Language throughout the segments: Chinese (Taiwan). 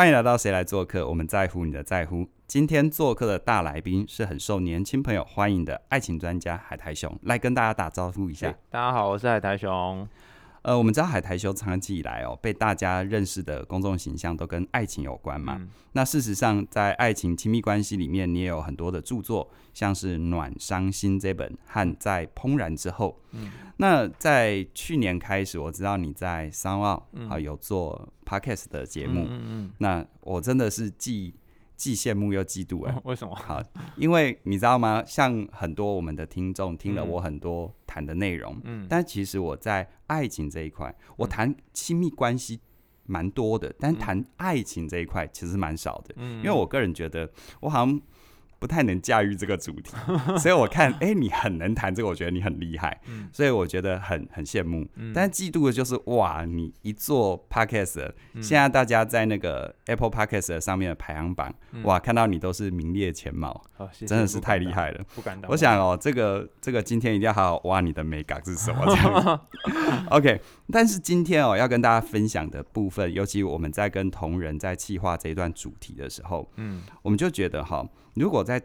歡迎來到誰來作客，我們在乎你的在乎。今天做客的大來賓是很受年輕朋友歡迎的愛情專家海苔熊，來跟大家打招呼一下。大家好，我是海苔熊。呃，我們知道海苔熊長期以來哦，被大家認識的公眾形象都跟愛情有關嘛。嗯、那事實上，在愛情親密關係裡面，你也有很多的著作，像是《暖傷心》這本，和在《怦然之後》嗯。那在去年開始，我知道你在 SoundOn 啊有做 Podcast 的節目。嗯嗯嗯，那我真的是記。既羨慕又嫉妒。哎，為什麼？好，因為你知道嗎？像很多我們的聽眾聽了我很多談的內容，嗯，但其實我在愛情這一塊，我談親密關係蠻多的，但談愛情這一塊其實蠻少的，嗯，因為我個人覺得我好像，不太能駕馭這個主題， 所以我看，哎、欸，你很能談這個，我覺得你很厲害，嗯，所以我覺得很很羨慕，嗯，但嫉妒的就是，哇，你一做 Podcast，嗯，現在大家在那個 Apple Podcast 的上面的排行榜，嗯，哇，看到你都是名列前茅，啊，謝謝，真的是太厲害了，不敢當，不敢當，我想哦，這個這個今天一定要好好挖你的眉角是什麼這樣子 ，OK。但是今天哦，要跟大家分享的部分，尤其我們在跟同仁在企劃這一段主題的時候，嗯，我們就覺得哈、哦，如果在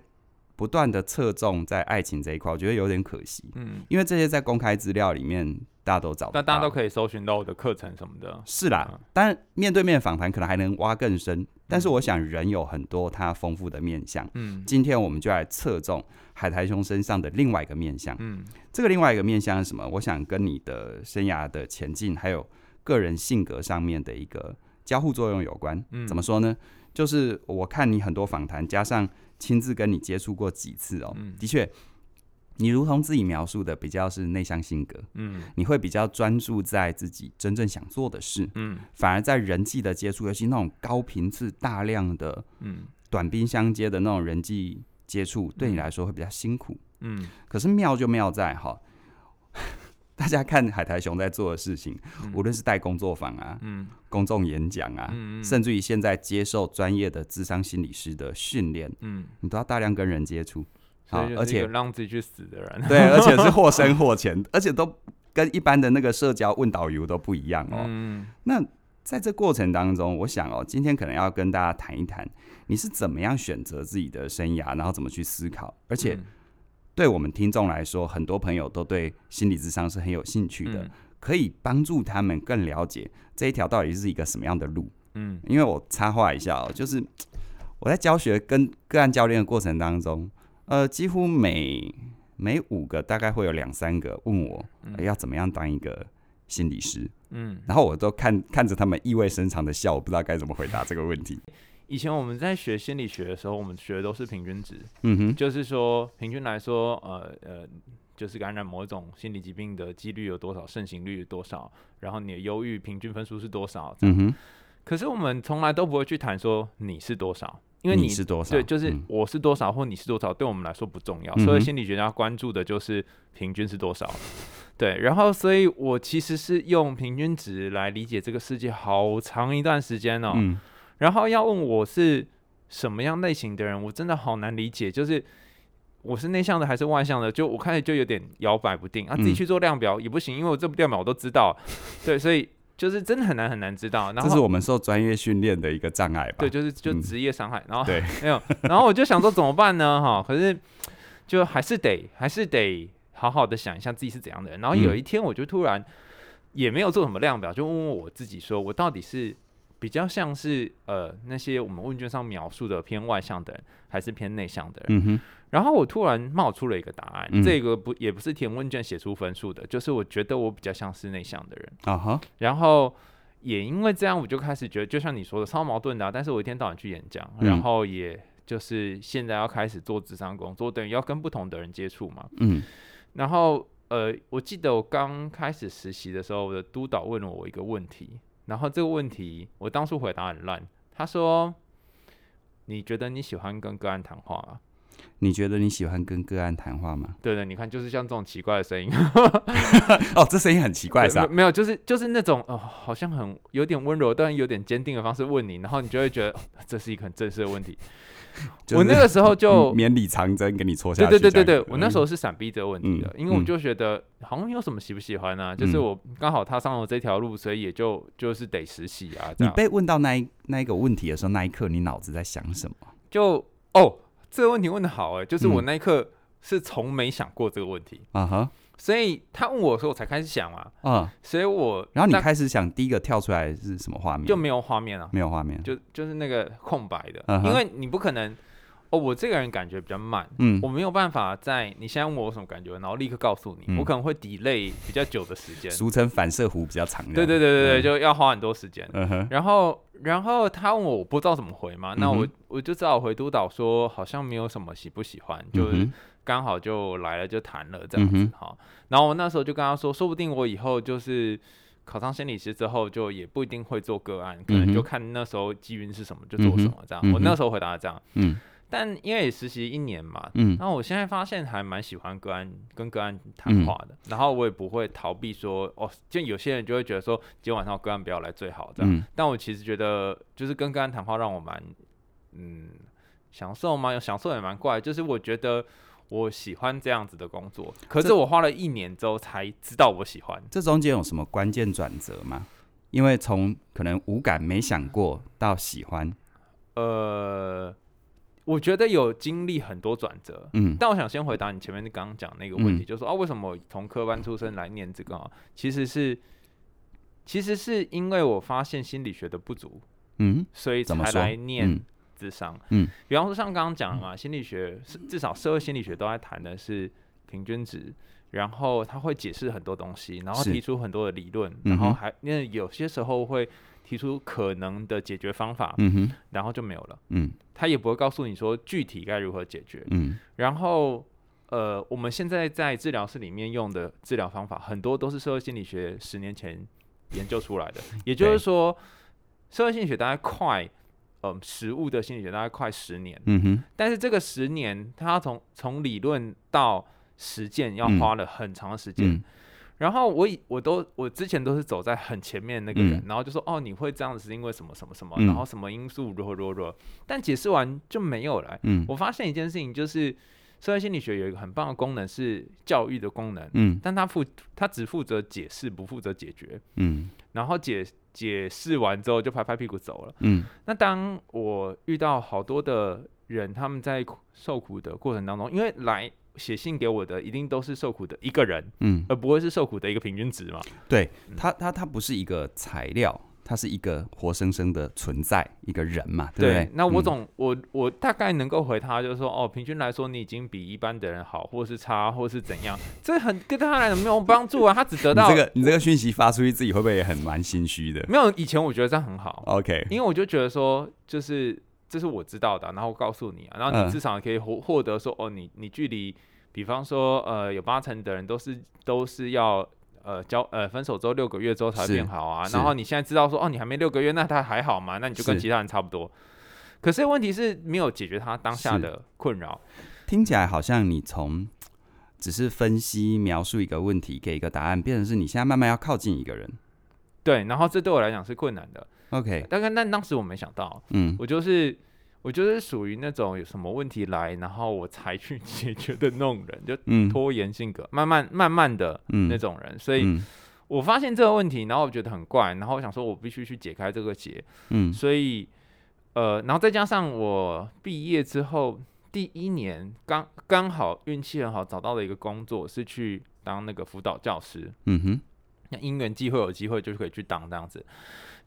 不斷的側重在愛情這一塊，我覺得有點可惜，嗯，因為這些在公開資料裡面，大家都找不到，那大家都可以搜尋到我的課程什麼的，是啦，嗯、但面對面訪談可能還能挖更深。但是我想，人有很多他豐富的面向。嗯，今天我們就來側重海苔熊身上的另外一個面向。嗯，這個另外一個面向是什麼？我想跟你的生涯的前進，還有個人性格上面的一個交互作用有關。嗯，怎麼說呢？就是我看你很多訪談，加上親自跟你接觸過幾次哦。嗯，的確。你如同自己描述的，比較是內向性格，嗯，你會比較專注在自己真正想做的事，嗯，反而在人際的接觸，尤其那種高頻次、大量的，嗯，短兵相接的那種人際接觸、嗯，對你來說會比較辛苦，嗯。可是妙就妙在哈，大家看海苔熊在做的事情，無論是帶工作坊啊，嗯，公眾演講啊、嗯嗯，甚至於現在接受專業的諮商心理師的訓練，嗯，你都要大量跟人接觸。好，而且讓自己去死的人， 對，而且是或深或淺， 而且都跟一般的那個社交問導遊都不一樣哦、嗯。那在這過程當中，我想哦，今天可能要跟大家談一談，你是怎麼樣選擇自己的生涯，然後怎麼去思考，而且對我們聽眾來說，很多朋友都對心理諮商是很有興趣的，嗯、可以幫助他們更了解這一條到底是一個什麼樣的路。嗯，因為我插話一下哦，就是我在教學跟個案教練的過程當中。呃，幾乎每每五個大概會有兩三個問我，嗯，要怎麼樣當一個心理師？嗯，然後我都看看着他們意味深長的笑，我不知道該怎麼回答這個問題。以前我們在學心理學的時候，我們學的都是平均值，嗯哼，就是說平均來說，呃呃，就是感染某種心理疾病的幾率有多少，盛行率有多少，然後你的憂鬱平均分數是多少，嗯哼，可是我們從來都不會去談說你是多少。因為你，你是多少，對，就是我是多少或你是多少，嗯、對我們來說不重要。所以心理學家關注的就是平均是多少，嗯、對。然後，所以我其實是用平均值來理解這個世界好長一段時間哦、喔嗯。然後要問我是什麼樣類型的人，我真的好難理解。就是我是內向的還是外向的？就我開始就有點搖擺不定啊。自己去做量表也不行，因為我這部量表我都知道、嗯。對，所以。就是真的很難很難知道，然後這是我們受專業訓練的一個障礙吧？對，就是就職業傷害、嗯。然後對，沒有。然後我就想說怎麼辦呢？哈， 可是就還是得還是得好好的想一下自己是怎樣的人。然後有一天我就突然也沒有做什麼量表、嗯，就問問我自己說，說我到底是比較像是呃那些我們問卷上描述的偏外向的人，還是偏內向的人？嗯哼然後我突然冒出了一個答案，嗯、這個不也不是填問卷寫出分數的，就是我覺得我比較像是內向的人、uh -huh. 然後也因為這樣，我就開始覺得，就像你說的，超矛盾的、啊。但是我一天到晚去演講、嗯，然後也就是現在要開始做諮商工作，等於要跟不同的人接觸嘛。嗯。然後呃，我記得我剛開始實習的時候，我的督導問了我一個問題，然後這個問題我當初回答很爛。他說：“你覺得你喜歡跟個案談話嗎？”你覺得你喜歡跟個案談話嗎？對的，你看，就是像這種奇怪的聲音。 哦，這聲音很奇怪，是吧、啊？沒有，就是就是那種哦，好像很有點溫柔，但有點堅定的方式問你，然後你就會覺得、哦、這是一個很正式的問題。就是、我那個時候就綿裡藏針給你戳下去。對對對對，對我那時候是閃避這個問題的、嗯，因為我就覺得、嗯、好像有什麼喜不喜歡啊、嗯，就是我剛好踏上了這條路，所以也就就是得實習啊。這樣你被問到那一那一個問題的時候，那一刻你腦子在想什麼？就哦。這個問題問的好哎、欸，就是我那一刻是從沒想過這個問題啊哈、嗯，所以他問我的時候我才開始想啊，嗯、所以我然後你開始想，第一個跳出來是什麼畫面？就沒有畫面了、啊，沒有畫面，就就是那個空白的，嗯、因為你不可能。我這個人感覺比較慢，嗯，我沒有辦法你在你先問我什麼感覺，然後立刻告訴你、嗯，我可能會 delay 比較久的時間，俗稱反射弧比較長。對對對對對，嗯、就要花很多時間、嗯。然後，然後他問我，我不知道怎麼回嘛、嗯，那我我就只好回督導說，好像沒有什麼喜不喜歡，嗯、就是剛好就來了就談了這樣子哈、嗯。然後我那時候就跟他說，說不定我以後就是考上心理師之後，就也不一定會做個案，嗯、可能就看那時候機運是什麼就做什麼這樣。嗯、我那時候回答他這樣，嗯。嗯但因為也實習一年嘛，嗯，那我現在發現還蠻喜歡個案跟個案談話的，嗯。然後我也不會逃避說哦，就有些人就會覺得說，今天晚上我個案不要來最好這樣。嗯，但我其實覺得，就是跟個案談話讓我蠻嗯享受嘛，享受也蠻怪。就是我覺得我喜歡這樣子的工作，可是我花了一年之後才知道我喜歡。這，這中間有什麼關鍵轉折嗎？因為從可能無感沒想過到喜歡，呃。我覺得有經歷很多轉折，嗯，但我想先回答你前面剛剛講那個問題，嗯、就是說哦、啊，為什麼我從科班出身來念這個、嗯、其實是，其實是因為我發現心理學的不足，嗯，所以才來念智商，嗯，比方說像剛剛講的嘛、嗯，心理學至少社會心理學都在談的是平均值，然後他會解釋很多東西，然後提出很多的理論，然後還、嗯、有些時候會。提出可能的解決方法，嗯、然後就沒有了、嗯，他也不會告訴你說具體該如何解決，嗯、然後呃，我們現在在治療室裡面用的治療方法，很多都是社會心理學十年前研究出來的，也就是說，社會心理學大概快，嗯、呃，實務的心理學大概快十年，嗯、但是這個十年，它從從理論到實踐，要花了很長的時間。嗯嗯。然後我以我都我之前都是走在很前面那個人，嗯、然後就說哦，你會這樣子，是因為什麼什麼什麼，嗯、然後什麼因素如何如何。但解釋完就沒有了。嗯，我發現一件事情，就是社會心理學有一個很棒的功能是教育的功能，嗯，但他負他只負責解釋，不負責解決，嗯，然後解解釋完之後就拍拍屁股走了，嗯，那當我遇到好多的人，他們在受苦的過程當中，因為來。寫信給我的一定都是受苦的一個人，嗯，而不會是受苦的一個平均值嘛。對，他他他不是一個材料，他是一個活生生的存在，一個人嘛，對不對？對，那我總，嗯，我我大概能夠回他，就是說哦，平均來說你已經比一般的人好，或是差，或是怎樣，這很對他來講沒有幫助啊。 他只得到這個你這個訊息發出去，自己會不會也很蠻心虛的？沒有，以前我覺得這樣很好，OK，因為我就覺得說就是。這是我知道的、啊，然後告訴你啊，然後你至少可以獲獲得說、呃，哦，你你距離，比方說，呃，有八成的人都是都是要，呃，交呃分手之後六個月之後才會變好啊，然後你現在知道說，哦，你還沒六個月，那他還好嗎？那你就跟其他人差不多。可是問題是沒有解決他當下的困擾。聽起來好像你從只是分析描述一個問題，給一個答案，變成是你現在慢慢要靠近一個人。對，然後這對我來講是困難的。OK，但但但當時我沒想到，嗯，我就是我就是屬於那種有什麼問題來，然後我才去解決的那種人，就拖延性格，嗯、慢慢慢慢的那種人，嗯。所以我發現這個問題，然後我覺得很怪，然後我想說，我必須去解開這個結。嗯，所以呃，然後再加上我畢業之後第一年剛，剛剛好運氣很好，找到了一個工作，是去當那個輔導教師。嗯哼。因緣際會有機會，就是可以去當這樣子。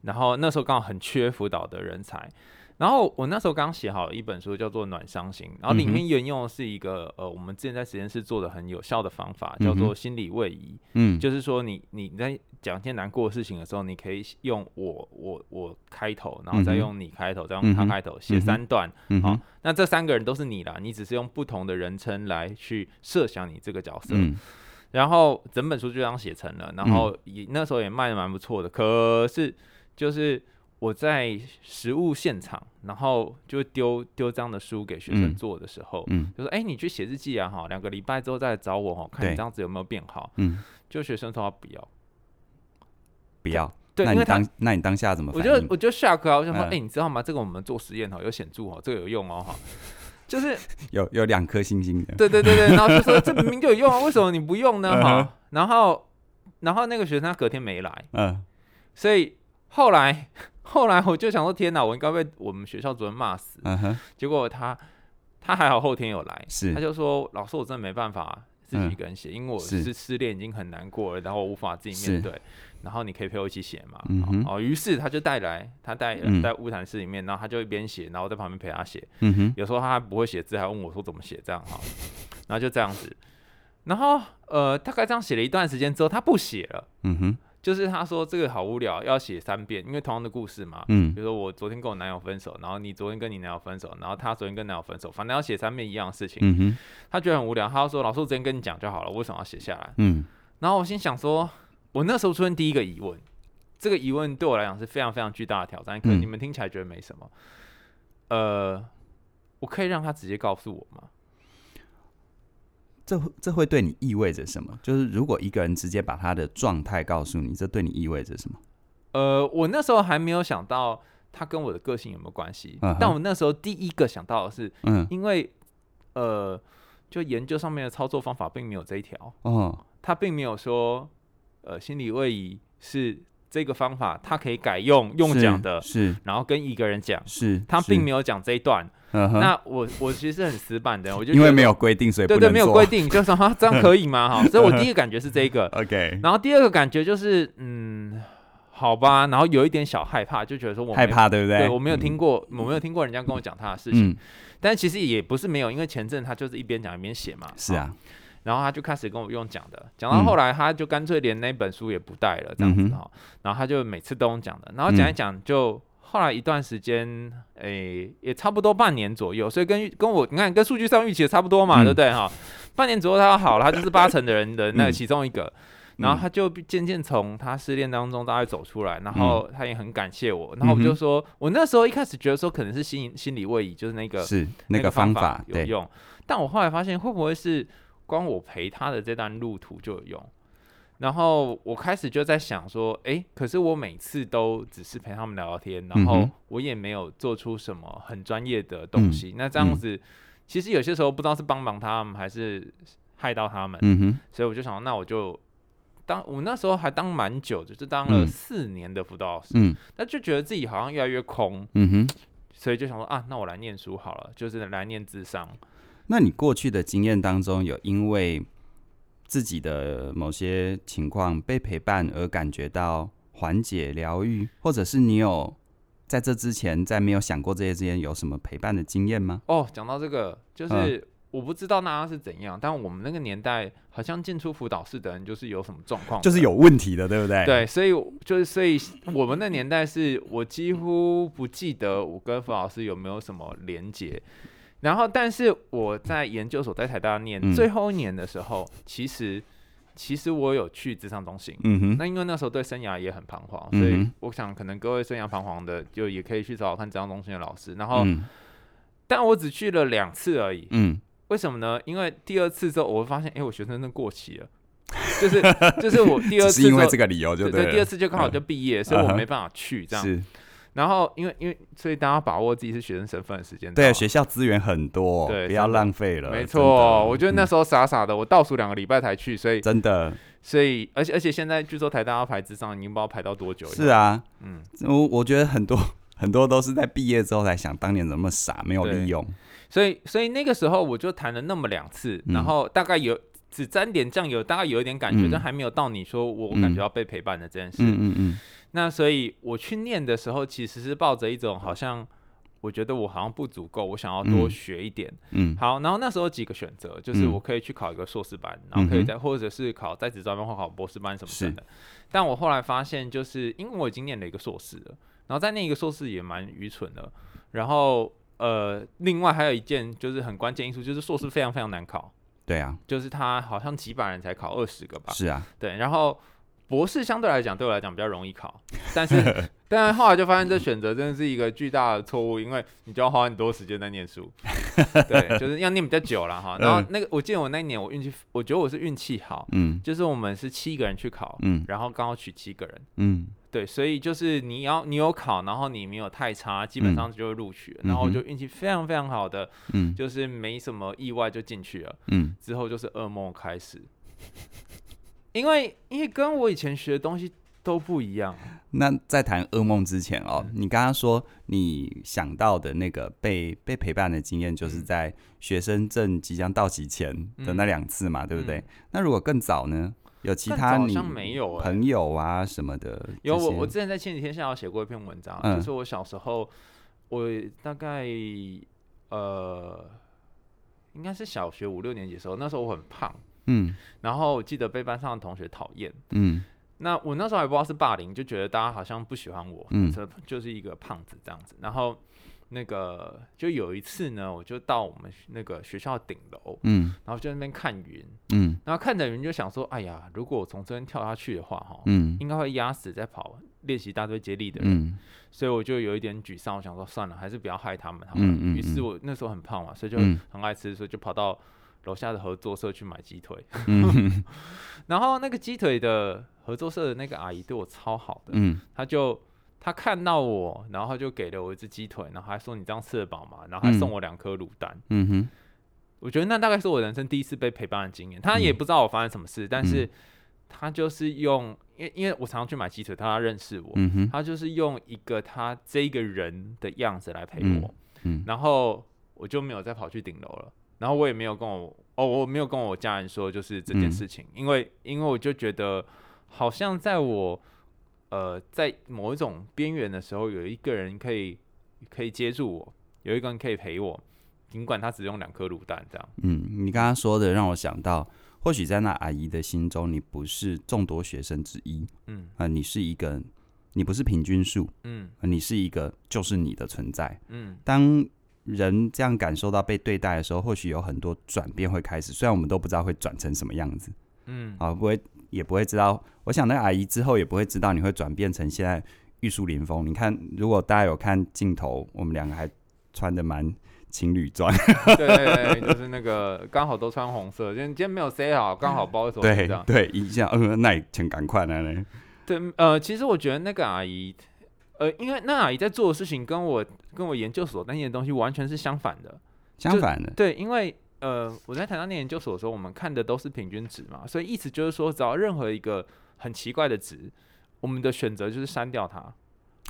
然後那時候剛好很缺輔導的人才。然後我那時候剛寫好一本書，叫做《暖傷心》，然後裡面引用的是一個、嗯、呃，我們之前在實驗室做的很有效的方法，叫做心理位移。嗯，嗯，就是說你你在講一些難過的事情的時候，你可以用我、我、我開頭，然後再用你開頭，嗯、再用他開頭，寫、嗯、三段。好、嗯哦，那這三個人都是你啦，你只是用不同的人稱來去設想你這個角色。嗯然後整本書就這樣寫成了，然後也那時候也賣得蠻不錯的。可是就是我在實務現場，然後就丢丟這樣的書給學生做的時候，嗯嗯、就說：“哎、欸，你去寫日記啊，哈，兩個禮拜之後再來找我哈，看你這樣子有沒有變好。”嗯，就學生說不要，不要。對，那你當因為那你當下怎麼說？我就我就下課、啊，我就說：“哎、嗯欸，你知道嗎？這個我們做實驗哈，有顯著哦，這個有用哦，哈。”就是有有兩顆星星的。對對對對，然後就說這明明就有用啊，為什麼你不用呢？哈，然後然後那個學生他隔天沒來，嗯，所以後來後來我就想說，天哪，我應該被我們學校主任罵死，結果他他還好後天有來，是，他就說，老師我真的沒辦法自己一個人寫，因為我是失戀已經很難過了，然後我無法自己面對。然後你可以陪我一起寫嘛？哦、嗯，於是他就帶來，他帶人在晤談室裡面，嗯，然後他就一邊寫，然後我在旁邊陪他寫，嗯。有時候他還不會寫字，還問我說怎麼寫這樣好，然後就這樣子，然後呃，大概這樣寫了一段時間之後，他不寫了。嗯，就是他說這個好無聊，要寫三遍，因為同樣的故事嘛。嗯，比如說我昨天跟我男友分手，然後你昨天跟你男友分手，然後他昨天跟男友分手，反正要寫三遍一樣的事情。嗯，他覺得很無聊，他就說老師我直接跟你講就好了，為什麼要寫下來？嗯，然後我心想說。我那時候出現第一個疑問，這個疑問對我來講是非常非常巨大的挑戰。可能你們聽起來覺得沒什麼，嗯、呃，我可以讓他直接告訴我嗎？這這會對你意味着什麼？就是如果一個人直接把他的狀態告訴你，這對你意味着什麼？呃，我那時候還沒有想到他跟我的個性有沒有關係。Uh -huh. 但我那時候第一個想到的是，因為、uh -huh. 呃，就研究上面的操作方法並沒有這一條，嗯，他並沒有說。呃，心理位移是這個方法，他可以改用用講的是，是，然後跟一個人講，是，他並沒有講這一段。那我我其實是很死板的，我就因為沒有規定，所以不對，對對，沒有規定， 就是說、啊、這樣可以嗎？哈、哦，所以我第一個感覺是這個 ，OK。然後第二個感覺就是，嗯，好吧，然後有一點小害怕，就覺得說我害怕，對不對，對？我沒有聽過、嗯，我沒有聽過人家跟我講他的事情、嗯，但其實也不是沒有，因為前陣他就是一邊講一邊寫嘛、哦，是啊。然後他就開始跟我用講的，講到後來他就乾脆連那本書也不帶了，這樣子哈、嗯。然後他就每次都用講的，然後講一講就、嗯、後來一段時間，誒、欸、也差不多半年左右，所以跟跟我你看跟數據上預期的差不多嘛，嗯、對不對哈、哦？半年左右他好了，他就是八成的人的那其中一個、嗯，然後他就漸漸從他失戀當中大概走出來、嗯，然後他也很感謝我、嗯。然後我就說，我那時候一開始覺得說可能是心理、心理位移，就是那個是那個方法有、那個、用，但我後來發現會不會是。光我陪他的這段路途就有用，然後我開始就在想說，哎、欸，可是我每次都只是陪他們聊聊天，然後我也沒有做出什麼很專業的東西，嗯、那這樣子、嗯、其實有些時候不知道是幫忙他們還是害到他們，嗯哼，所以我就想，那我就當我那時候還當蠻久的，就是當了四年的輔導老師，嗯，嗯，那就覺得自己好像越來越空，嗯哼，所以就想說啊，那我來念書好了，就是來念諮商。那你過去的經驗當中，有因為自己的某些情況被陪伴而感覺到緩解療癒，或者是你有在這之前，在沒有想過這些之前，有什麼陪伴的經驗嗎？哦，講到這個，就是我不知道那是怎樣，嗯，但我們那個年代好像進出輔導室的人就是有什麼狀況，就是有問題的，對不對？對，所以就是所以我們那年代是我幾乎不記得我跟輔導老師有沒有什麼連接。然後，但是我在研究所，在台大念、嗯、最後一年的時候，其實，其實我有去諮商中心。嗯哼。那因為那時候對生涯也很彷徨，所以我想，可能各位生涯彷徨的，就也可以去找看諮商中心的老師。然後，嗯、但我只去了兩次而已。嗯。為什麼呢？因為第二次之後，我會發現，哎、欸，我學生證過期了。 就是就是我第二次 因為這個理由就對，就這、是、第二次就剛好就畢業、嗯，所以我沒辦法去、啊、這樣。然後因，因為因為所以，大家把握自己是學生身份的時間的，對，學校資源很多，對，不要浪費了。沒錯，我覺得那時候傻傻的、嗯，我倒數兩個禮拜才去，所以真的，所以而且而且現在據說台大要排諮商，你不知道排到多久。是啊，嗯，我我覺得很多很多都是在畢業之後才想當年怎麼傻，沒有利用。所以所以那個時候我就談了那麼兩次，嗯、然後大概有。只沾點醬油，大概有一點感覺，嗯、但還沒有到你說我我感覺要被陪伴的這件事、嗯嗯嗯。那所以我去念的時候，其實是抱着一種好像我覺得我好像不足夠，我想要多學一點。嗯。嗯好，然後那時候幾個選擇，就是我可以去考一個碩士班，然後可以再、嗯、或者是考在職專班或考博士班什麼的。是。但我後來發現，就是因為我已經念了一個碩士了，然後再念一個碩士也蠻愚蠢的。然後呃，另外還有一件就是很關鍵因素，就是碩士非常非常難考。對啊，就是他好像幾百人才考二十個吧？是啊，對。然後博士相對來講，對我來講比較容易考，但是 但後來就發現這選擇真的是一個巨大的錯誤，因為你就要花很多時間在念書， 對，就是要念比較久了哈。然後那個，我記得我那一年我運氣，我覺得我是運氣好，嗯，就是我們是七個人去考，嗯，然後剛好取七個人，嗯。對，所以就是你要你有考，然後你沒有太差，基本上就會錄取。嗯，然後就運氣非常非常好的，嗯，就是沒什麼意外就進去了，嗯，之後就是噩夢開始， 因為因為跟我以前學的東西都不一樣。那在談噩夢之前哦，嗯、你剛剛說你想到的那個被被陪伴的經驗，就是在學生證即將到期前的那兩次嘛，嗯，對不對，嗯？那如果更早呢？有其他朋友啊什麼的？有、欸、有我，我之前在前幾天下午寫過一篇文章，嗯、就是我小時候，我大概呃，應該是小學五六年級的時候，那時候我很胖，嗯，然後我記得被班上的同學討厭，嗯，那我那時候還不知道是霸凌，就覺得大家好像不喜歡我，嗯、就就是一個胖子這樣子，然後。那個就有一次呢，我就到我們那個學校頂樓，嗯，然後就在那邊看雲，嗯，然後看着雲就想說，哎呀，如果我從這邊跳下去的話，哈，嗯，應該會壓死在跑練習大隊接力的人。嗯，所以我就有一點沮喪，我想說算了，還是不要害他們，嗯嗯。於、嗯嗯、是我那時候很胖嘛，所以就很愛吃，所以就跑到樓下的合作社去買雞腿， 然後那個雞腿的合作社的那個阿姨對我超好的，嗯，她就。他看到我，然後就給了我一隻雞腿，然後還說，你這樣吃得飽嗎？然後還送我兩顆滷蛋。嗯哼，我覺得那大概是我人生第一次被陪伴的經驗。他也不知道我發生什麼事，嗯、但是他就是用，因為因為我常，常去買雞腿，他，他認識我，嗯哼，他就是用一個他這個人的樣子來陪我。嗯，嗯，然後我就沒有再跑去頂樓了，然後我也沒有跟我哦，我沒有跟我家人說就是這件事情，嗯、因為因為我就覺得好像在我。呃，在某一種邊緣的時候，有一個人可以可以接住我，有一個人可以陪我，盡管他只用兩顆滷蛋這樣。嗯，你剛剛說的讓我想到，或許在那阿姨的心中，你不是眾多學生之一。嗯，啊，呃，你是一個，你不是平均數。嗯，呃，你是一個，就是你的存在。嗯，當人這樣感受到被對待的時候，或許有很多轉變會開始，雖然我們都不知道會轉成什麼樣子。嗯，啊，不會。也不會知道，我想那個阿姨之後也不會知道，你會轉變成現在玉樹臨風。你看，如果大家有看鏡頭，我們兩個還穿的蠻情侶裝，對對對， 就是那個剛好都穿紅色，今 今天沒有塞好，剛好包一手，對對一下，嗯，那也挺感慨的對，呃，其實我覺得那個阿姨，呃，因為那阿姨在做的事情跟我跟我研究所擔心的東西完全是相反的，相反的，對，因為。呃，我在談到念研究所的時候，我們看的都是平均值嘛，所以意思就是說，只要任何一個很奇怪的值，我們的選擇就是刪掉它，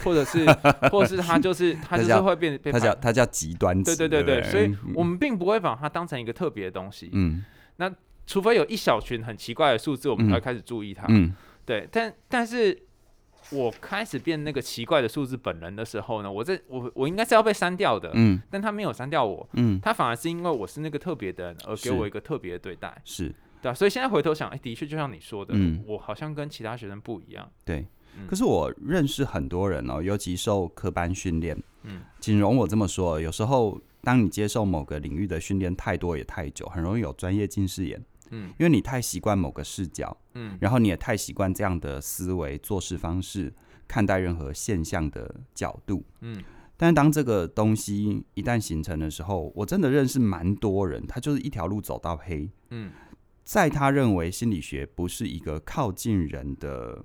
或者是， 或者是它就是它就是會變，它叫它叫極端值。對對對對、嗯，所以我們並不會把它當成一個特別的東西。嗯，那除非有一小群很奇怪的數字，我們才會開始注意它。嗯，對，但但是。我開始變那個奇怪的數字本人的時候呢，我這我我應該是要被刪掉的，嗯，但他沒有刪掉我，嗯，他反而是因為我是那個特別的人而給我一個特別的對待，是，是，對啊，所以現在回頭想，欸，的確就像你說的，嗯，我好像跟其他學生不一樣，對。嗯，可是我認識很多人哦，尤其受科班訓練，嗯，請容我這麼說，有時候當你接受某個領域的訓練太多也太久，很容易有專業近視眼。嗯，因為你太習慣某個視角，嗯，然後你也太習慣這樣的思維、做事方式、看待任何現象的角度，嗯。但是當這個東西一旦形成的時候，我真的認識蠻多人，他就是一條路走到黑，嗯。在他認為心理學不是一個靠近人的、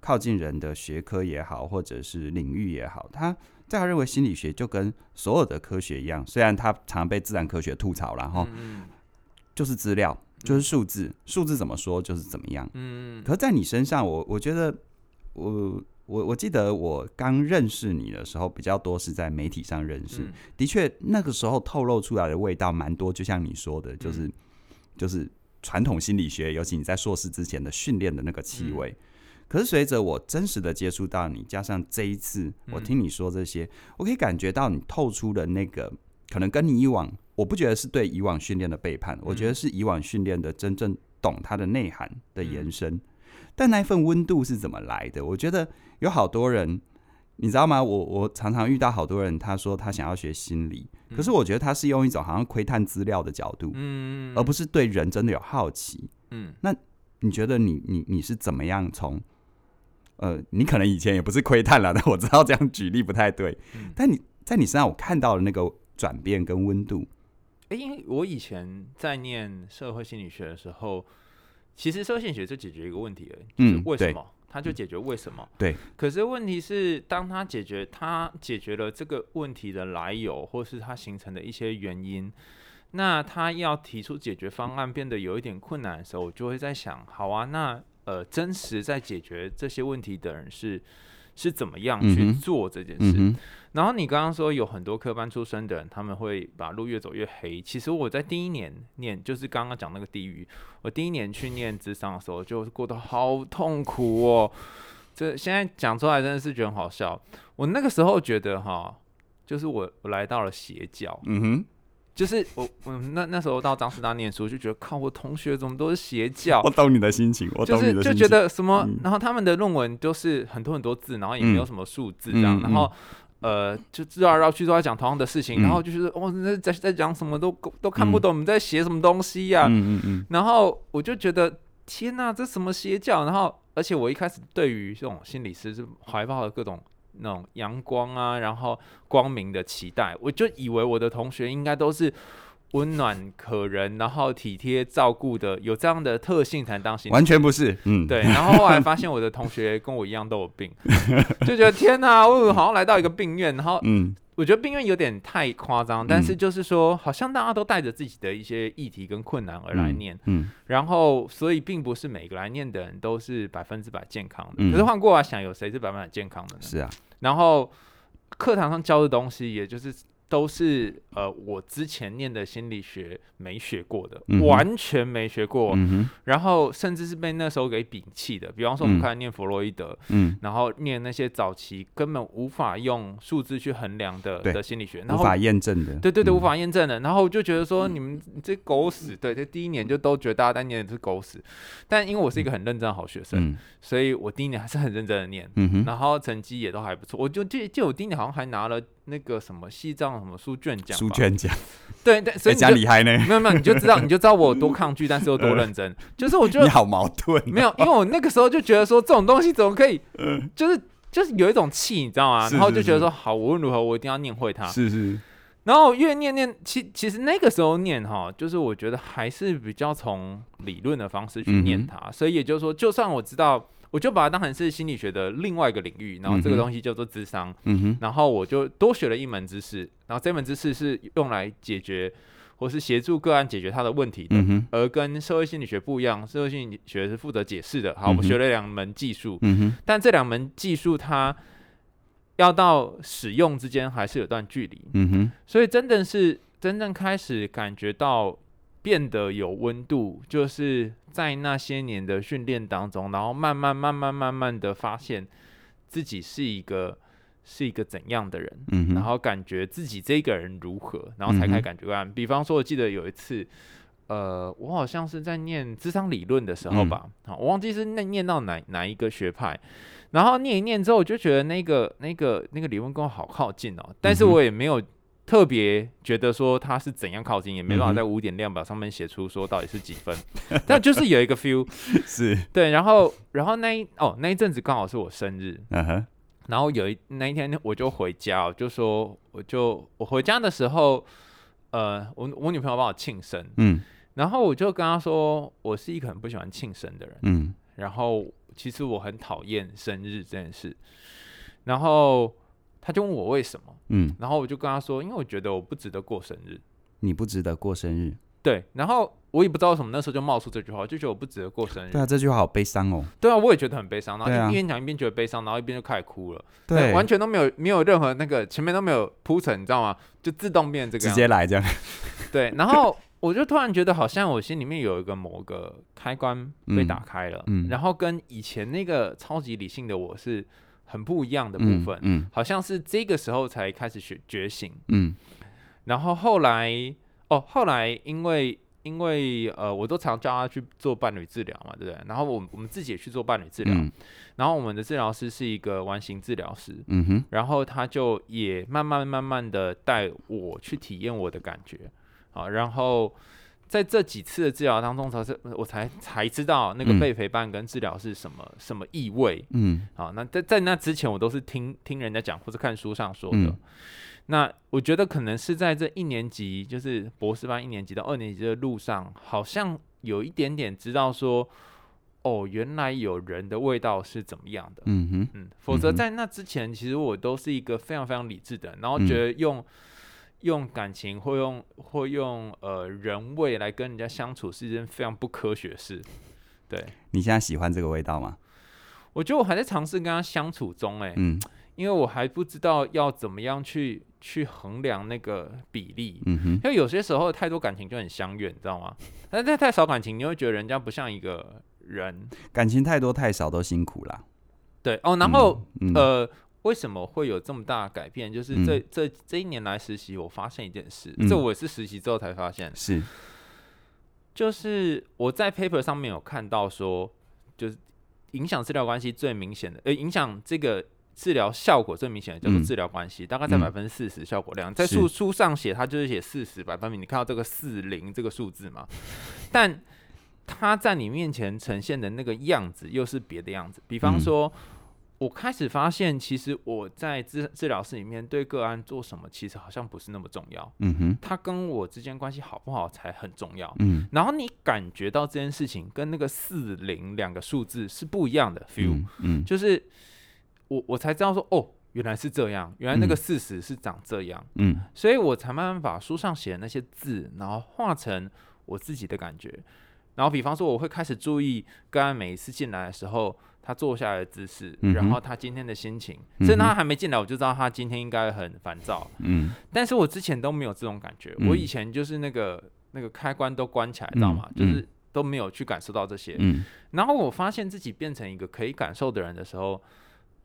靠近人的學科也好，或者是領域也好，他在他認為心理學就跟所有的科學一樣，雖然他常被自然科學吐槽了哈。嗯嗯。就是資料，就是數字，數、嗯、字怎麼說就是怎麼樣。嗯，可是在你身上，我我覺得，我我我記得我剛認識你的時候，比較多是在媒體上認識。嗯、的確，那個時候透露出來的味道蠻多，就像你說的，就是、嗯、就是傳統心理學，尤其你在碩士之前的訓練的那個氣味、嗯。可是隨着我真實的接觸到你，加上這一次我聽你說這些，嗯、我可以感覺到你透出的那個。可能跟你以往，我不覺得是對以往訓練的背叛、嗯，我覺得是以往訓練的真正懂它的內涵的延伸。嗯、但那一份溫度是怎麼來的？我覺得有好多人，你知道嗎？我我常常遇到好多人，他說他想要學心理、嗯，可是我覺得他是用一種好像窺探資料的角度，嗯，而不是對人真的有好奇。嗯，那你覺得你你你是怎麼樣從？呃，你可能以前也不是窺探了，但我知道這樣舉例不太對，嗯、但你在你身上我看到的那個。轉變跟溫度，誒、欸，因為我以前在念社會心理學的時候，其實社會心理學就解決一個問題而、欸、已，嗯、就是，為什麼？他、嗯、就解決為什麼、嗯？對。可是問題是，當他解決他解決了這個問題的來由，或是他形成的一些原因，那他要提出解決方案變得有一點困難的時候，我就會在想，好啊，那呃，真實在解決這些問題的人是。是怎麼樣去做這件事？然後你剛剛說有很多科班出身的人，他們會把路越走越黑。其實我在第一年念，就是剛剛講那個地獄，我第一年去念諮商的時候，就過得好痛苦哦、喔。這現在講出來真的是覺得很好笑。我那個時候覺得哈，就是我我來到了邪教。嗯就是我我那那時候到彰師大念書，就覺得靠，我同學怎麼都是邪教，我懂你的心情，我懂你的心情。就是就覺得什麼，嗯、然後他們的論文都是很多很多字，然後也沒有什麼數字這樣，嗯、然後、嗯嗯、呃就繞來繞去都在講同樣的事情，嗯、然後就是哦，那在在講什麼都都看不懂我們在寫什麼東西呀、啊嗯嗯嗯，然後我就覺得天哪、啊，這什麼邪教？然後而且我一開始對於這種心理師是懷抱的各種。那種陽光啊，然後光明的期待，我就以為我的同學應該都是。溫暖可人，然後體貼照顧的，有這樣的特性才能當行。完全不是，嗯，對。然後後來發現我的同學跟我一樣都有病， 就覺得天哪，我、嗯、好像來到一個病院。然後，嗯，我覺得病院有點太誇張，但是就是說，好像大家都帶着自己的一些議題跟困難而來念，嗯。然後，所以並不是每個來念的人都是百分之百健康的，嗯。可是換過來想，有誰是百分百健康的呢？是啊。然後課堂上教的東西，也就是都是。呃，我之前念的心理學沒學過的，嗯、完全沒學過、嗯，然後甚至是被那時候給摒棄的。比方說，我們看念弗洛伊德、嗯嗯，然後念那些早期根本無法用數字去衡量的、嗯、的心理學然後，無法驗證的，對對對，無法驗證的。嗯、然後我就覺得說，你們這狗屎，對，這第一年就都覺得大家在念的是狗屎。但因為我是一個很認真的好學生、嗯嗯，所以我第一年還是很認真的念，嗯、然後成績也都還不錯。我就記記我第一年好像還拿了那個什麼西藏什麼書卷獎。杜鵑講，對對，所以講厲害呢。沒有沒有，你就知道，你就知道我有多抗拒，但是又多認真。 呃、就是我覺得你好矛盾、哦。沒有，因為我那個時候就覺得說，這種東西怎麼可以？嗯、呃，就是就是有一種氣，你知道嗎？然後就覺得說，是是是好，無論如何，我一定要念會它。是是。然後越念念，其其實那個時候念哈，就是我覺得還是比較從理論的方式去念它、嗯。所以也就是說，就算我知道。我就把它當成是心理學的另外一個領域，然後這個東西叫做諮商、嗯嗯，然後我就多學了一門知識，然後這門知識是用來解決或是協助個案解決他的問題的、嗯，而跟社會心理學不一樣，社會心理學是負責解釋的。好，我學了兩門技術、嗯嗯，但這兩門技術它要到使用之間還是有段距離、嗯，所以真正是真正開始感覺到。變得有溫度，就是在那些年的訓練當中，然後慢慢、慢慢、慢慢的發現自己是一個是一個怎樣的人，嗯，然後感覺自己這個人如何，然後才開始感覺、嗯、比方說，我記得有一次，呃，我好像是在念諮商理論的時候吧、嗯好，我忘記是念念到哪哪一個學派，然後念一念之後，我就覺得那個那個那個理論跟我好靠近哦，嗯、但是我也沒有。特別覺得說他是怎樣靠近，也沒辦法在五點量表上面寫出說到底是幾分，嗯、但就是有一個 feel 是對。然後，然後那一哦那一陣子剛好是我生日，啊、然後有一那一天我就回家，就說我就我回家的時候，呃，我我女朋友幫我慶生、嗯，然後我就跟她說，我是一個很不喜歡慶生的人、嗯，然後其實我很討厭生日這件事，然後。他就問我為什麼，嗯，然後我就跟他說，因為我覺得我不值得過生日，你不值得過生日，對，然後我也不知道什麼，那時候就冒出這句話，就覺得我不值得過生日，對啊，這句話好悲傷哦，對啊，我也覺得很悲傷，然後就一邊講一邊覺得悲傷，然後一邊就開始哭了，對、啊，完全都沒有沒有任何那個前面都沒有鋪陳，你知道嗎？就自動變這個直接來這樣，對，然後我就突然覺得好像我心裡面有一個某個開關被打開了，嗯，嗯然後跟以前那個超級理性的我是。很不一樣的部分，嗯嗯，好像是這個時候才開始覺覺醒，嗯，然後後來哦，後來因為因為呃，我都常叫他去做伴侶治療嘛，對不對？然後我們我們自己也去做伴侶治療，嗯，然後我們的治療師是一個完形治療師，嗯哼，然後他就也慢慢慢慢的帶我去體驗我的感覺，好，然後。在這幾次的治療當中，才是我才才知道那個被陪伴跟治療是什麼、嗯、什麼意味。嗯，好，那在在那之前，我都是聽聽人家講或是看書上說的、嗯。那我覺得可能是在這一年級，就是博士班一年級到二年級的路上，好像有一點點知道說，哦，原來有人的味道是怎麼樣的。嗯哼嗯，否則在那之前，其實我都是一個非常非常理智的，然後覺得用。嗯用感情或用或用呃人味來跟人家相處是一件非常不科學的事，對。你現在喜歡這個味道嗎？我覺得我還在嘗試跟他相處中，欸，哎，嗯，因為我還不知道要怎麼樣去去衡量那個比例，嗯哼，因為有些時候太多感情就很相遠，你知道嗎？但是太少感情，你會覺得人家不像一個人。感情太多太少都辛苦啦，啊，對哦，然後，嗯嗯、呃。為什麼會有這麼大的改變？就是這、嗯、這一年來實習，我發現一件事，嗯、這我也是實習之後才發現，是，就是我在 paper 上面有看到說，就是影響治療關係最明顯的，呃，影響這個治療效果最明顯的，叫做治療關係、嗯，大概在百分之四十效果量，嗯、在書書上寫，它就是寫四十百分比，你看到這個四零這個數字嗎？ 但他在你面前呈現的那個樣子又是別的樣子，比方說。嗯我開始發現，其實我在治治療室裡面對個案做什麼，其實好像不是那麼重要。嗯哼，他跟我之間關係好不好才很重要。嗯，然後你感覺到這件事情跟那個四零兩個數字是不一樣的 feel。嗯，嗯，就是我我才知道說，哦，原來是這樣，原來那個事實是長這樣。嗯，所以我才慢慢把書上寫的那些字，然後畫成我自己的感覺。然後，比方說，我會開始注意個案每一次進來的時候。他坐下來的姿勢、嗯，然後他今天的心情、嗯，所以他還沒進來，我就知道他今天應該很煩躁。嗯，但是我之前都沒有這種感覺，嗯、我以前就是那個那個開關都關起來、嗯，知道嗎？就是都沒有去感受到這些。嗯，然後我發現自己變成一個可以感受的人的時候，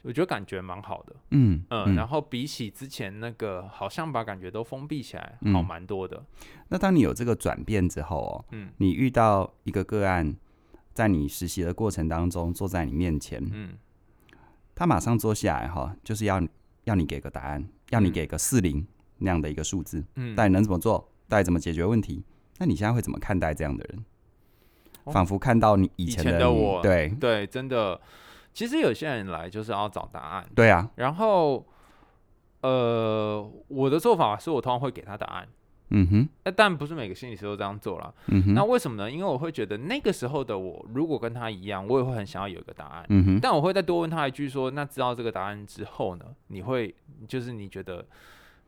我覺得感覺蠻好的。嗯嗯，然後比起之前那個好像把感覺都封閉起來，好蠻多的、嗯。那當你有這個轉變之後哦，嗯，你遇到一個個案。在你實習的過程當中，坐在你面前，嗯，他馬上坐下來哈，就是要要你給個答案，要你給個40、嗯、那樣的一個數字，嗯，但你能怎麼做？但怎麼解決問題？那你現在會怎麼看待這樣的人？仿、哦、佛看到你以前的，以前的我，對對，真的，其實有些人來就是要找答案，對啊，然後，呃，我的做法是我通常會給他答案。嗯哼，但不是每個心理師都這樣做啦。嗯哼，那為什麼呢？因為我會覺得那個時候的我，如果跟他一樣，我也會很想要有一個答案。嗯哼，但我會再多問他一句說，說那知道這個答案之後呢，你會就是你覺得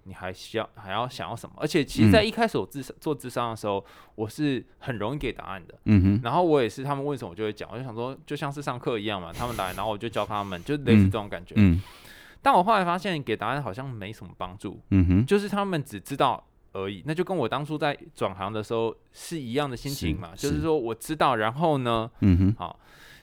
你還需要還要想要什麼？而且其實，在一開始我智，嗯、做諮商的時候，我是很容易給答案的。嗯哼，然後我也是，他們問什麼我就會講，我就想說，就像是上課一樣嘛，他們來，然後我就教他們，就類似這種感覺。嗯嗯、但我後來發現，給答案好像沒什麼幫助。嗯哼，就是他們只知道。而已，那就跟我當初在轉行的時候是一樣的心情嘛，就是說我知道，然後呢，嗯哼，好，啊，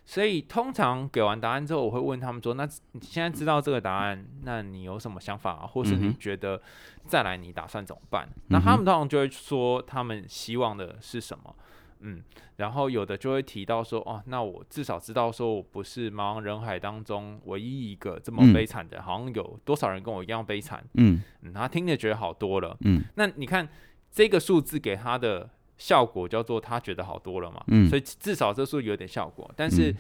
所以通常給完答案之後，我會問他們說，那你現在知道這個答案，那你有什麼想法啊，或是你覺得再來你打算怎麼辦？嗯。那他們通常就會說他們希望的是什麼。嗯，然後有的就會提到說，哦、啊，那我至少知道說我不是茫茫人海當中唯一一個這麼悲慘的、嗯，好像有多少人跟我一樣悲慘，嗯，嗯他聽着覺得好多了，嗯，那你看這個數字給他的效果叫做他覺得好多了嘛，嗯，所以至少這數有點效果，但是，嗯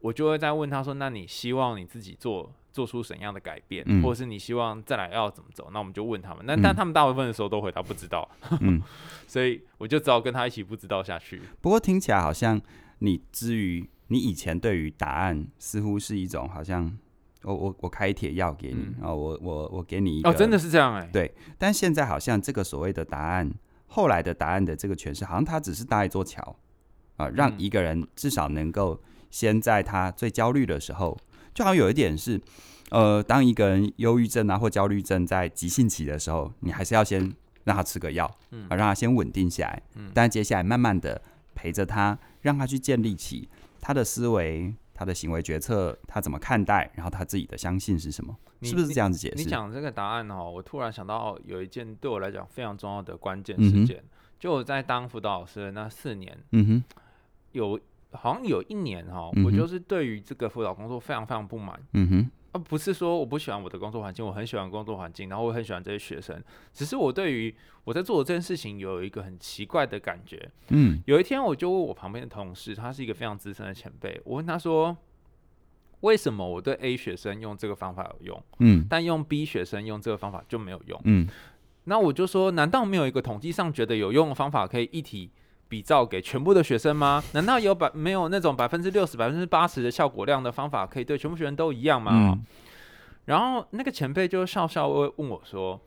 我就會再問他說：“那你希望你自己做做出怎樣的改變，嗯，或者是你希望再來要怎麼走？”那我們就問他們，但、嗯、但他們大部分的時候都回答不知道，嗯，呵呵，所以我就只好跟他一起不知道下去。不過聽起來好像你之於你以前對於答案似乎是一種好像我我我開一帖藥給你啊，嗯，哦，我我我給你一個哦，真的是這樣哎，欸，對，但現在好像這個所謂的答案，後來的答案的這個詮釋，好像它只是搭一座橋啊，讓一個人至少能夠。先在他最焦慮的時候，就好像有一點是，呃，當一個人憂鬱症啊或焦慮症在急性期的時候，你還是要先讓他吃個藥，嗯、啊，讓他先穩定下來。嗯，但接下來慢慢的陪着他，讓他去建立起他的思維、他的行為決策、他怎麼看待，然後他自己的相信是什麼，是不是這樣子解釋？你講這個答案哦，我突然想到有一件對我來講非常重要的關鍵事件，嗯、就我在當輔導老師的那四年。嗯哼，有。好像有一年哈、喔嗯，我就是對於這個輔導工作非常非常不滿。嗯哼，而、啊、不是說我不喜歡我的工作環境，我很喜歡工作環境，然後我很喜歡這些學生，只是我對於我在做的這件事情有一個很奇怪的感覺。嗯，有一天我就問我旁邊的同事，他是一個非常資深的前輩，我問他說，為什麼我對 A 學生用這個方法有用，嗯，但用 B 學生用這個方法就沒有用？嗯，那我就說，難道沒有一個統計上覺得有用的方法可以一體？比照給全部的學生嗎？難道有百沒有那種百分之六十、百分之八十的效果量的方法，可以對全部學生都一樣嗎？嗯。然後那個前輩就笑笑問我說：“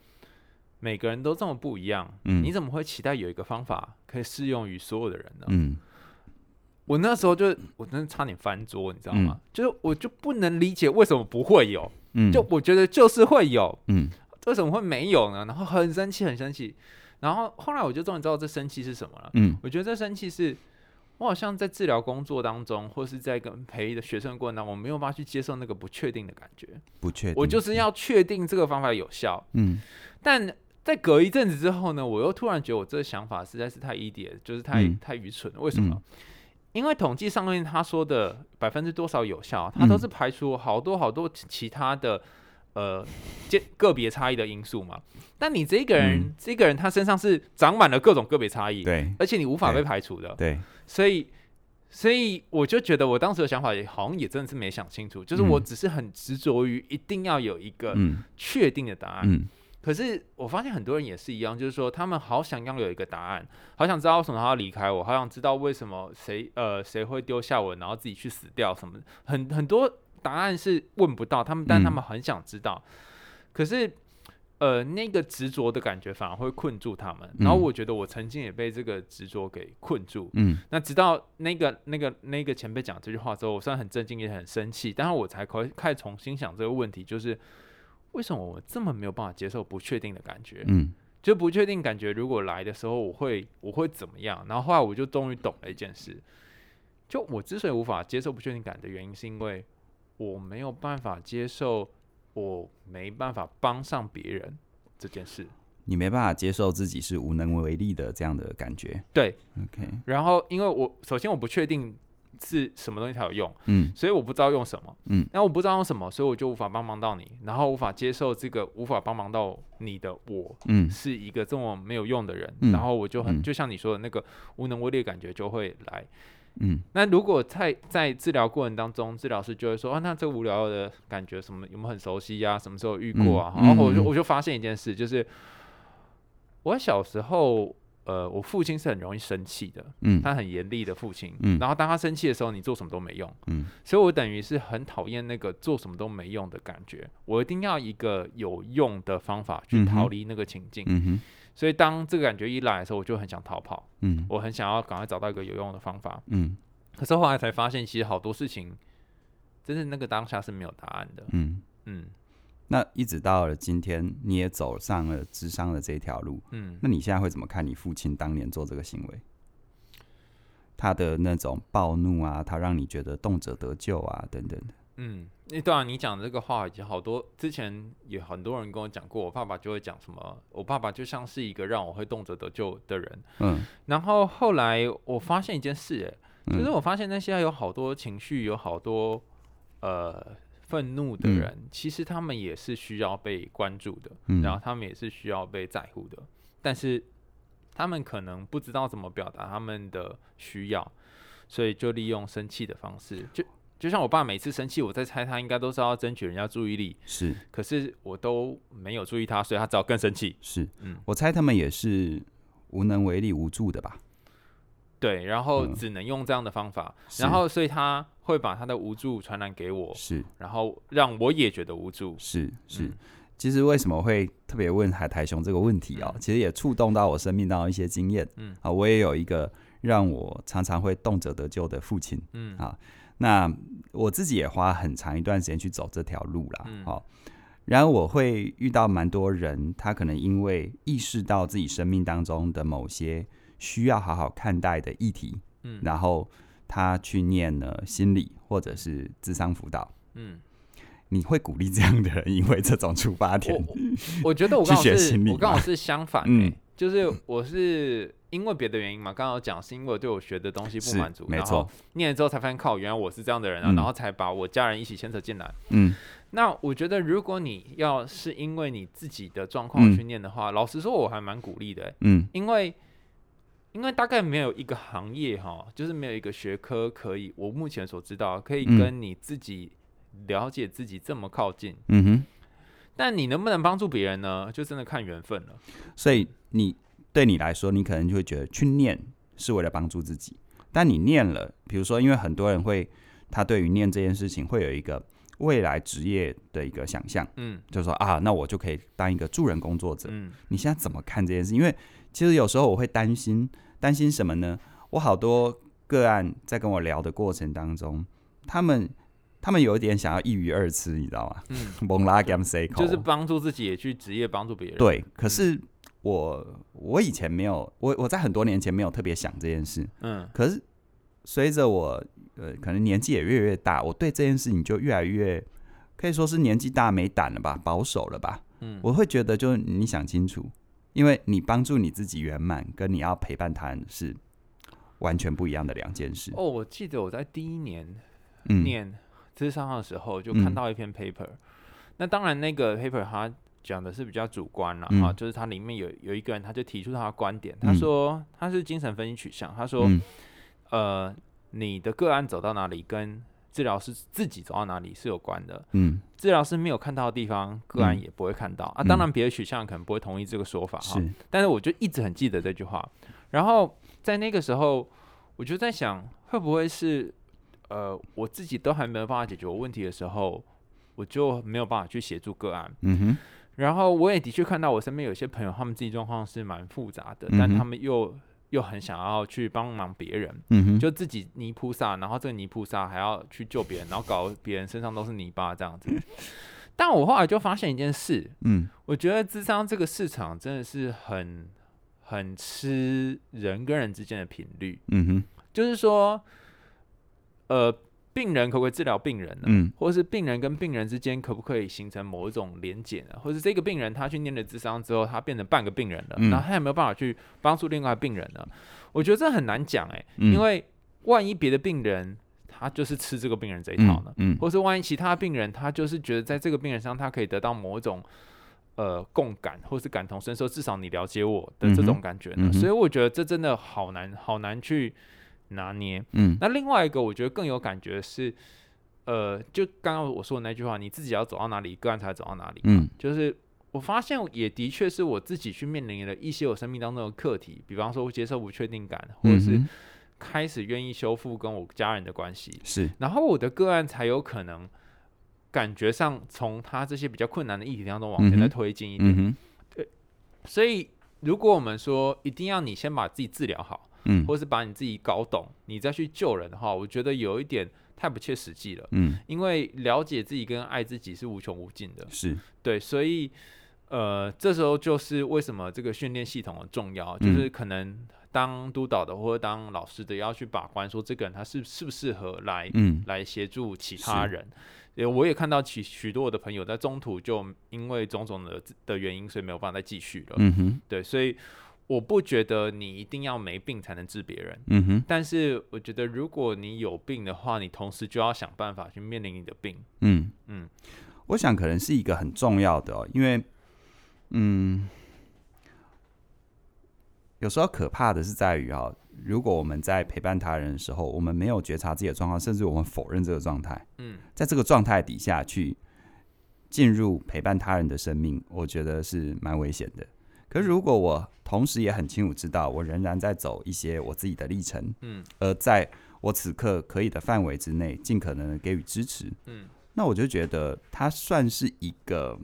每個人都這麼不一樣，嗯，你怎麼會期待有一個方法可以適用於所有的人呢？”嗯。我那時候就我真的差點翻桌，你知道嗎？嗯。就是我就不能理解為什麼不會有，嗯，就我覺得就是會有，嗯，為什麼會沒有呢？然後很生氣，很生氣。然後後來我就終於知道這生氣是什麼了。嗯，我覺得這生氣是我好像在治療工作當中，或是在跟陪的學生過程當中，我沒有辦法去接受那個不確定的感覺。不確定，我就是要確定這個方法有效。嗯，但在隔一陣子之後呢，我又突然覺得我這個想法實在是太低劣，就是太，嗯，太愚蠢了。為什麼？嗯、因為統計上面他說的百分之多少有效，他都是排除好多好多其他的。呃，個別差異的因素嘛。但你這個人，嗯、這個人他身上是長滿了各種個別差異，而且你無法被排除的。對，對。所以，所以我就覺得我當時的想法也好像也真的是沒想清楚，就是我只是很執着於一定要有一個確定的答案，嗯。可是我發現很多人也是一樣，就是說他們好想要有一個答案，好想知道為什麼他要離開我，好想知道為什麼誰呃誰會丟下我，然後自己去死掉什麼，很很多。答案是問不到他們，但他們很想知道。嗯、可是，呃，那個執着的感覺反而會困住他們。嗯、然後，我覺得我曾經也被這個執着給困住。嗯，那直到那個、那個、那個前輩講這句話之後，我雖然很震驚，也很生氣，但是我才可以開始重新想這個問題，就是為什麼我這麼沒有辦法接受不確定的感覺？嗯，就不確定感覺如果來的時候，我會我會怎麼樣？然後後來我就終於懂了一件事，就我之所以無法接受不確定感的原因，是因為。我沒有辦法接受，我沒辦法幫上別人這件事。你沒辦法接受自己是無能為力的這樣的感覺。對，OK。然後，因為我首先我不確定是什麼東西才有用，嗯，所以我不知道用什麼，嗯，那我不知道用什麼，所以我就無法幫忙到你，然後無法接受這個無法幫忙到你的我，嗯，是一個這麼沒有用的人，嗯、然後我就很、嗯、就像你說的那個無能為力的感覺就會來。嗯，那如果在在治療過程當中，治療師就會說啊，那這個無聊的感覺，什麼有沒有很熟悉呀、啊？什麼時候遇過啊？嗯、然後，後我就、嗯、我就發現一件事，就是我小時候，呃，我父親是很容易生氣的、嗯，他很嚴厲的父親、嗯，然後當他生氣的時候，你做什麼都沒用，嗯、所以我等於是很討厭那個做什麼都沒用的感覺，我一定要一個有用的方法去逃離那個情境，嗯嗯嗯所以當這個感覺一來的時候，我就很想逃跑。嗯，我很想要趕快找到一個有用的方法。嗯，可是後來才發現，其實好多事情，真的那個當下是沒有答案的。嗯嗯，那一直到了今天，你也走上了諮商的這條路。嗯，那你現在會怎麼看你父親當年做這個行為？他的那種暴怒啊，他讓你覺得動輒得咎啊，等等嗯，那對啊，你講的這個話已經好多，之前有很多人跟我講過。我爸爸就會講什麼，我爸爸就像是一個讓我會動輒得咎的人。嗯，然後後來我發現一件事，誒，就是我發現那些有好多情緒、有好多呃憤怒的人，嗯，其實他們也是需要被關注的、嗯，然後他們也是需要被在乎的，但是他們可能不知道怎麼表達他們的需要，所以就利用生氣的方式就。就像我爸每次生氣，我在猜他應該都是要爭取人家注意力。是，可是我都沒有注意他，所以他只好更生氣。是，嗯，我猜他們也是無能為力、無助的吧？對，然後只能用這樣的方法，嗯、然後所以他會把他的無助傳染給我，是，然後讓我也覺得無助。是是、嗯，其實為什麼會特別問海苔熊這個問題啊？嗯、其實也觸動到我生命當中一些經驗。嗯啊，我也有一個讓我常常會動輒得咎的父親。嗯啊。那我自己也花很長一段時間去走這條路啦。好、嗯喔，然後我會遇到蠻多人，他可能因為意識到自己生命當中的某些需要好好看待的議題，嗯，然後他去念了心理或者是諮商輔導，嗯，你會鼓勵這樣的人，因為這種出發點我，我覺得我剛好是， 我剛好是相反、欸，嗯，就是我是。因為別的原因嘛，剛剛有講是因為對我學的東西不滿足。沒錯，然後念了之後才發現靠，原來我是這樣的人啊，啊、嗯，然後才把我家人一起牽扯進來。嗯，那我覺得如果你要是因為你自己的狀況去念的話、嗯，老實說我還蠻鼓勵的、欸。嗯，因為因為大概沒有一個行業哈，就是沒有一個學科可以我目前所知道可以跟你自己了解自己這麼靠近。嗯,嗯哼，但你能不能幫助別人呢？就真的看緣分了。所以你。對你來說，你可能就會覺得去念是為了幫助自己。但你念了，比如說，因為很多人會，他對於念這件事情會有一個未來職業的一個想象，嗯，就說啊，那我就可以當一個助人工作者。嗯，你現在怎麼看這件事？因為其實有時候我會擔心，擔心什麼呢？我好多個案在跟我聊的過程當中，他們他們有一點想要一魚二吃，你知道嗎？嗯， 就是幫助自己也去職業幫助別人。對，嗯。可是。我我以前沒有，我我在很多年前沒有特別想這件事，嗯，可是隨着我呃，可能年紀也越來越大，我對這件事你就越來越可以說是年紀大沒膽了吧，保守了吧，嗯，我會覺得就是你想清楚，因為你幫助你自己圓滿，跟你要陪伴他人是完全不一樣的兩件事。哦，我記得我在第一年念諮商的時候就看到一篇 paper，嗯，那當然那個 paper 它。講的是比較主觀了、嗯、啊，就是他裡面有有一個人，他就提出他的觀點、嗯，他說他是精神分析取向，他說，嗯、呃，你的個案走到哪裡，跟治療師自己走到哪裡是有關的，嗯，治療師沒有看到的地方，個案也不會看到，嗯、啊、嗯，當然別的取向可能不會同意這個說法哈，但是我就一直很記得這句話，然後在那個時候，我就在想，會不會是呃，我自己都還沒有辦法解決問題的時候，我就沒有辦法去協助個案，嗯哼。然後我也的確看到我身邊有些朋友，他們自己狀況是蠻複雜的，嗯、但他們又又很想要去幫忙別人、嗯，就自己泥菩薩，然後這個泥菩薩還要去救別人，然後搞別人身上都是泥巴這樣子。嗯、但我後來就發現一件事，嗯，我覺得諮商這個市場真的是很很吃人跟人之間的頻率，嗯哼，就是說，呃。病人可不可以治療病人呢？嗯，或者是病人跟病人之間可不可以形成某一種連結呢？或者這個病人他去念了諮商之後，他變成半個病人了，嗯，然後他有沒有辦法去幫助另外一個病人呢？我覺得這很難講哎，欸嗯，因為萬一別的病人他就是吃這個病人這一套呢？嗯，嗯或者萬一其他病人他就是覺得在這個病人上他可以得到某一種呃共感，或是感同身受，至少你了解我的這種感覺呢？嗯，所以我覺得這真的好難，好難去，拿捏，嗯，那另外一個我覺得更有感覺是，呃，就剛剛我說的那句話，你自己要走到哪裡，個案才走到哪裡、啊，嗯，就是我發現也的確是我自己去面臨了一些我生命當中的課題，比方說我接受不確定感，或者是開始願意修復跟我家人的關係，是、嗯嗯，然後我的個案才有可能感覺上從他這些比較困難的議題當中往前再推進一點，嗯，嗯、呃、所以如果我們說一定要你先把自己治療好，嗯，或是把你自己搞懂，你再去救人的話，我覺得有一點太不切實際了。嗯，因為了解自己跟愛自己是無窮無盡的。是，對，所以，呃，這時候就是為什麼這個訓練系統很重要，嗯，就是可能當督導的或者當老師的要去把關，說這個人他是適不適合來，嗯，來協助其他人。也我也看到其許多我的朋友在中途就因為種種的的原因，所以沒有辦法再繼續了。嗯哼，對，所以。我不覺得你一定要沒病才能治別人，嗯哼。但是我覺得，如果你有病的話，你同時就要想辦法去面臨你的病。嗯嗯，我想可能是一個很重要的哦，因為，嗯，有時候可怕的是在於哦，如果我們在陪伴他人的時候，我們沒有覺察自己的狀況，甚至我們否認這個狀態。嗯，在這個狀態底下去進入陪伴他人的生命，我覺得是蠻危險的。可是，如果我同時也很清楚知道，我仍然在走一些我自己的歷程，嗯，而在我此刻可以的範圍之內，盡可能給予支持，嗯，那我就覺得他算是一個，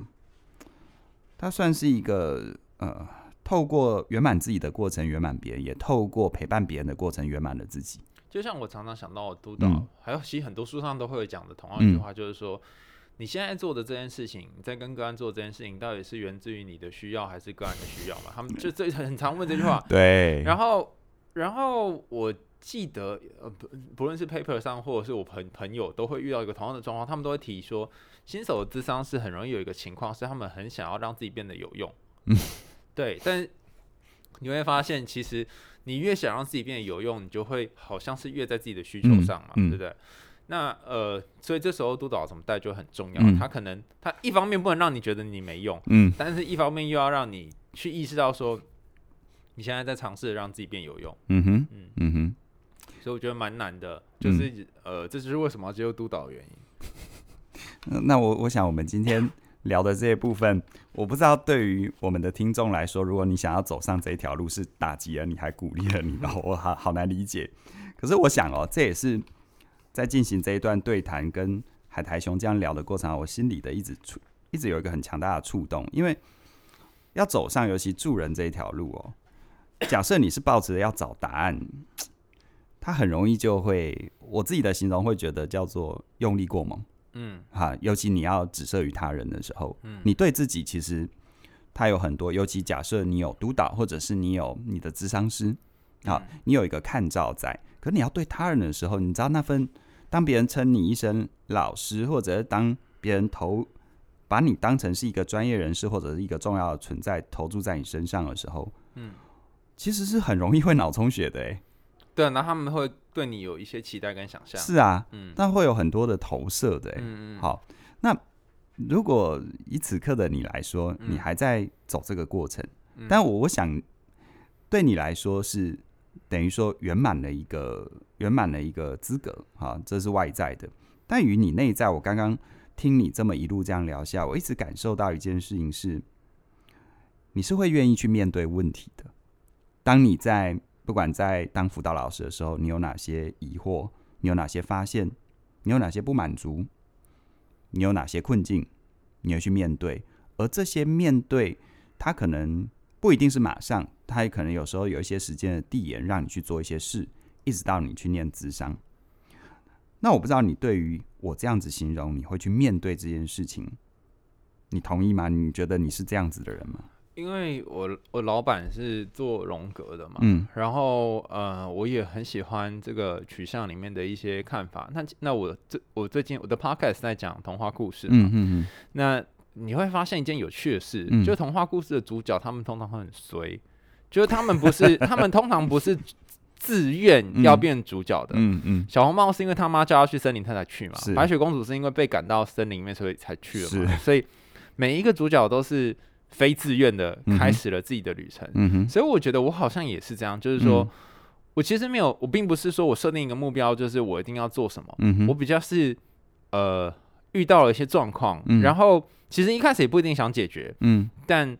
他算是一個呃，透過圓滿自己的過程，圓滿別人，也透過陪伴別人的過程，圓滿了自己。就像我常常想到我督導，嗯，還有其實很多書上都會有講的同樣一句話，就是說，嗯你現在做的這件事情，在跟個案做這件事情，到底是源自於你的需要還是個案的需要嘛？他們就這很常問這句話。對。然後，然後我記得，呃，不，不論是 paper 上，或者是我朋朋友，都會遇到一個同樣的狀況，他們都會提說，新手諮商是很容易有一個情況，是他們很想要讓自己變得有用。嗯。對。但你會發現，其實你越想讓自己變得有用，你就會好像是越在自己的需求上嘛、嗯嗯，對不對？那呃，所以這時候督導怎麼帶就很重要。嗯、他可能他一方面不能讓你覺得你沒用，嗯。但是，一方面又要讓你去意識到說，你現在在嘗試讓自己變有用。嗯哼，嗯，嗯哼。所以我覺得蠻難的，就是、嗯、呃，這就是為什麼要接受督導的原因。 那我我想，我們今天聊的這部分，我不知道對於我們的聽眾來說，如果你想要走上這一條路，是打擊了你，還鼓勵了你，然後我好好難理解。可是我想哦，這也是。在進行這一段對談，跟海苔熊這樣聊的過程，我心裡的一直觸，一直有一個很強大的觸動，因為要走上尤其助人這一條路哦。假設你是抱持著要找答案，他很容易就會，我自己的形容會覺得叫做用力過猛，嗯，哈、啊，尤其你要指涉於他人的時候，嗯，你對自己其實他有很多，尤其假設你有督導，或者是你有你的諮商師，嗯，啊，你有一個看照在，可你要對他人的時候，你知道那份。當別人稱你一聲老師，或者當別人投把你當成是一個專業人士，或者是一個重要的存在投注在你身上的時候，嗯，其實是很容易會腦充血的、欸，哎，對，那他們會對你有一些期待跟想象，是啊，嗯，但會有很多的投射的、欸，嗯，好，那如果以此刻的你來說，嗯、你還在走這個過程，嗯、但我我想對你來說是。等於說圓滿的一個圓滿的一個資格哈，這是外在的。但與你內在，我剛剛聽你這麼一路這樣聊下，我一直感受到一件事情是，你是會願意去面對問題的。當你在不管在當輔導老師的時候，你有哪些疑惑？你有哪些發現？你有哪些不滿足？你有哪些困境？你要去面對。而這些面對，它可能不一定是馬上，他也可能有時候有一些時間的遞延，讓你去做一些事，一直到你去念諮商。那我不知道你對於我這樣子形容你，你會去面對這件事情，你同意嗎？你覺得你是這樣子的人嗎？因為我我老板是做榮格的嘛，嗯，然後呃，我也很喜歡這個取向裡面的一些看法。那那我最我最近我的 podcast 在講童話故事嘛，嗯嗯，那。你會發現一件有趣的事，嗯、就是童話故事的主角他們通常會很衰，嗯、就是他們不是 他們通常不是自願要變主角的，嗯嗯。小紅帽是因為他媽叫他去森林，他才去嘛。白雪公主是因為被趕到森林裡面，所以才去了嘛。所以每一個主角都是非自願的開始了自己的旅程。嗯。所以我覺得我好像也是這樣，嗯、就是說、嗯、我其實沒有，我並不是說我設定一個目標，就是我一定要做什麼。嗯、我比較是呃遇到了一些狀況、嗯，然後。其實一開始也不一定想解決，嗯，但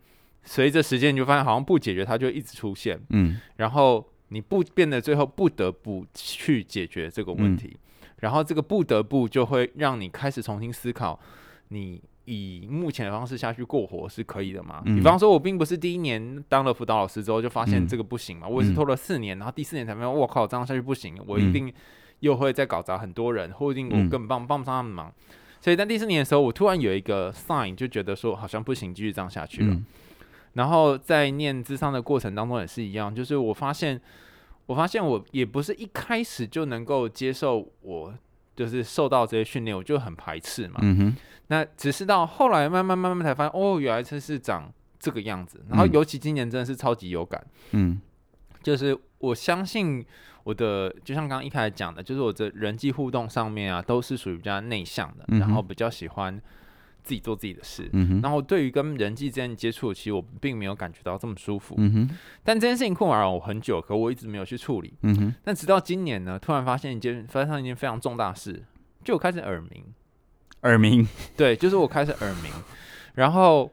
隨着時間你就發現，好像不解決它就一直出現，嗯，然後你不變得最後不得不去解決這個問題，嗯、然後這個不得不就會讓你開始重新思考，你以目前的方式下去過活是可以的嗎？比、嗯、方說，我並不是第一年當了輔導老師之後就發現這個不行嘛、嗯，我也是拖了四年，然後第四年才發現，我靠，這樣下去不行，我一定又會再搞砸很多人，或一定我根本幫幫不上他們忙。所以在第四年的時候，我突然有一個 sign，就覺得說好像不行，繼續這樣下去了，嗯。然後在念諮商的過程當中也是一樣，就是我發現，我發現我也不是一開始就能夠接受，我就是受到這些訓練，我就很排斥嘛，嗯。那只是到後來慢慢慢慢才發現，哦，原來真是，是長這個樣子。然後尤其今年真的是超級有感，嗯，就是我相信。我的就像剛剛一開始講的，就是我的人際互動上面啊，都是屬於比較內向的、嗯哼，然後比較喜歡自己做自己的事。嗯哼、然後對於跟人際之間接觸，其實我並沒有感覺到這麼舒服。嗯哼、但這件事情困擾了我很久，可我一直沒有去處理。嗯哼、但直到今年呢，突然發現一件發生一件非常重大事，就我開始耳鳴。耳鳴， 對，就是我開始耳鳴，然後。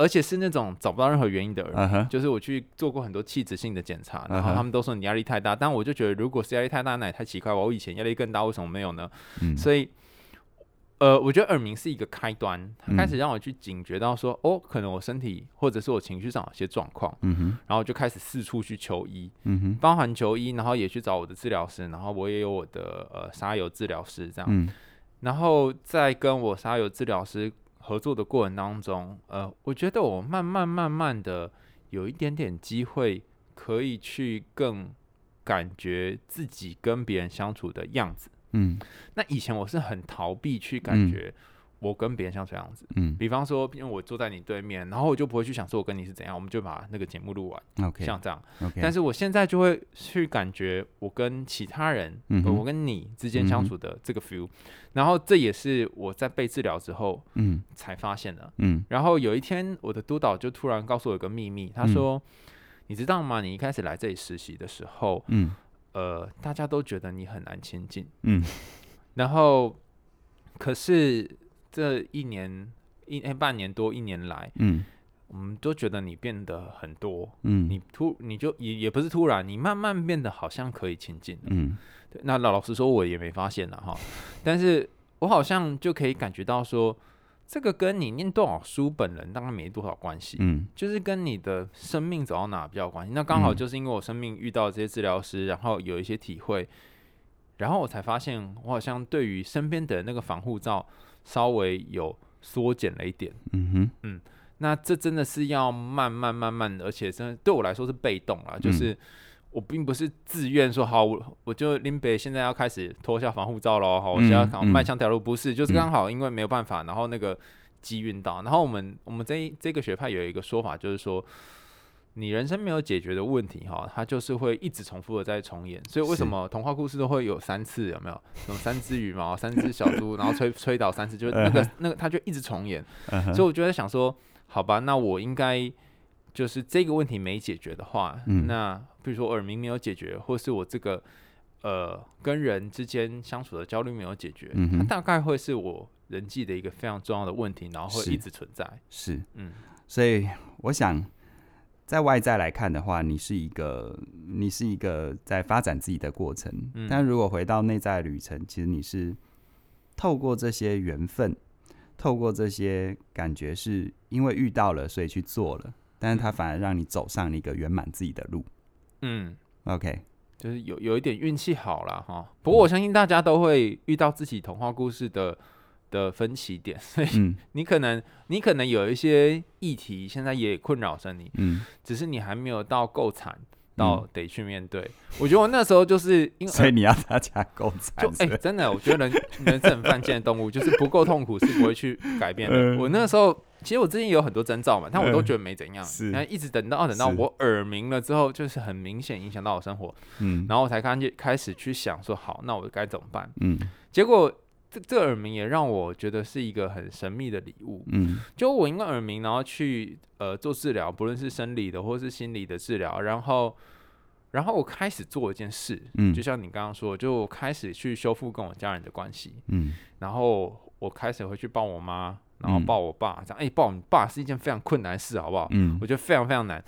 而且是那種找不到任何原因的，uh -huh. 就是我去做過很多器質性的檢查，uh -huh. 然後他們都說你壓力太大，但我就覺得如果是壓力太大，那也太奇怪，我以前壓力更大，為什麼沒有呢？嗯、所以，呃，我覺得耳鳴是一個開端，它開始讓我去警覺到說，嗯、哦，可能我身體或者是我情緒上有些狀況，嗯、然後就開始四處去求醫、嗯，包含求醫，然後也去找我的治療師，然後我也有我的呃沙遊治療師這樣、嗯，然後再跟我沙遊治療師合作的過程當中，呃，我覺得我慢慢慢慢的有一點點機會可以去更感覺自己跟別人相處的樣子。嗯，那以前我是很逃避去感覺。嗯。我跟別人像這樣子，嗯，比方說，因為我坐在你對面，然後我就不會去想說我跟你是怎樣，我們就把那個節目錄完 okay, okay. 像這樣，但是我現在就會去感覺我跟其他人，嗯，我跟你之間相處的這個 feel，嗯，然後這也是我在被治療之後，才發現的，嗯，嗯。然後有一天，我的督導就突然告訴我一個秘密，他說，嗯：“你知道嗎？你一開始來這裡實習的時候，嗯，呃，大家都覺得你很難親近，嗯，然後可是。”這一年一、哎，半年多一年來，嗯，我們都覺得你變得很多，嗯，你突你就也也不是突然，你慢慢變得好像可以前進，嗯，對。那老老實說，我也沒發現了哈， 但是我好像就可以感覺到說，這個跟你念多少書、本人當然沒多少關係，嗯，就是跟你的生命走到哪比較關係。那剛好就是因為我生命遇到這些治療師，然後有一些體會，然後我才發現，我好像對於身邊的人那個防護罩。稍微有縮減了一點，嗯哼，嗯，那這真的是要慢慢慢慢的，而且真的對我來說是被動了，嗯，就是我並不是自願說好，我我就林北現在要開始脫下防護罩嘍，好，我現在要賣槍條路不是，就是剛好因為沒有辦法，然後那個機運到，然後我們我們這一這個學派有一個說法就是說。你人生沒有解決的問題、哦，哈，它就是會一直重複的在重演。所以為什麼童話故事都會有三次？有沒有？有三隻羽毛，三隻小豬，然後吹吹倒三次，就是那個那個，他、 那個那個、就一直重演。 所以我就在想說，好吧，那我應該就是這個問題沒解決的話，嗯、那比如說耳鳴沒有解決，或是我這個呃跟人之間相處的焦慮沒有解決、嗯，它大概會是我人際的一個非常重要的問題，然後會一直存在。是，是嗯，所以我想。在外在來看的話，你是一個，你是一個在發展自己的過程。嗯、但如果回到內在旅程，其實你是透過這些緣分，透過這些感覺，是因為遇到了，所以去做了、嗯，但是它反而讓你走上了一個圓滿自己的路。嗯，OK，就是有有一點運氣好了哈、嗯。不過我相信大家都會遇到自己童話故事的的分歧點，所以你可能、嗯、你可能有一些議題，現在也困擾着你，嗯，只是你還沒有到夠慘，到得去面對、嗯。我覺得我那時候就是因為、呃、所以你要大家夠慘，哎、欸，真的，我覺得人人是很犯賤的動物， 就是不夠痛苦是不會去改變的。嗯、我那時候其實我最近有很多徵兆嘛，但我都覺得沒怎樣，然、嗯、後一直等到等到我耳鳴了之後，就是很明顯影響到我生活，嗯，然後我才開始開始去想說，好，那我該怎麼辦？嗯，結果。這這耳鳴也讓我覺得是一個很神秘的禮物。嗯，就我因為耳鳴，然後去呃做治療，不論是生理的或是心理的治療，然後然後我開始做一件事，嗯，就像你剛剛說，就開始去修復跟我家人的關係，嗯，然後我開始回去抱我媽，然後抱我爸，嗯、這樣哎、欸，抱你爸是一件非常困難的事，好不好？嗯，我覺得非常非常難。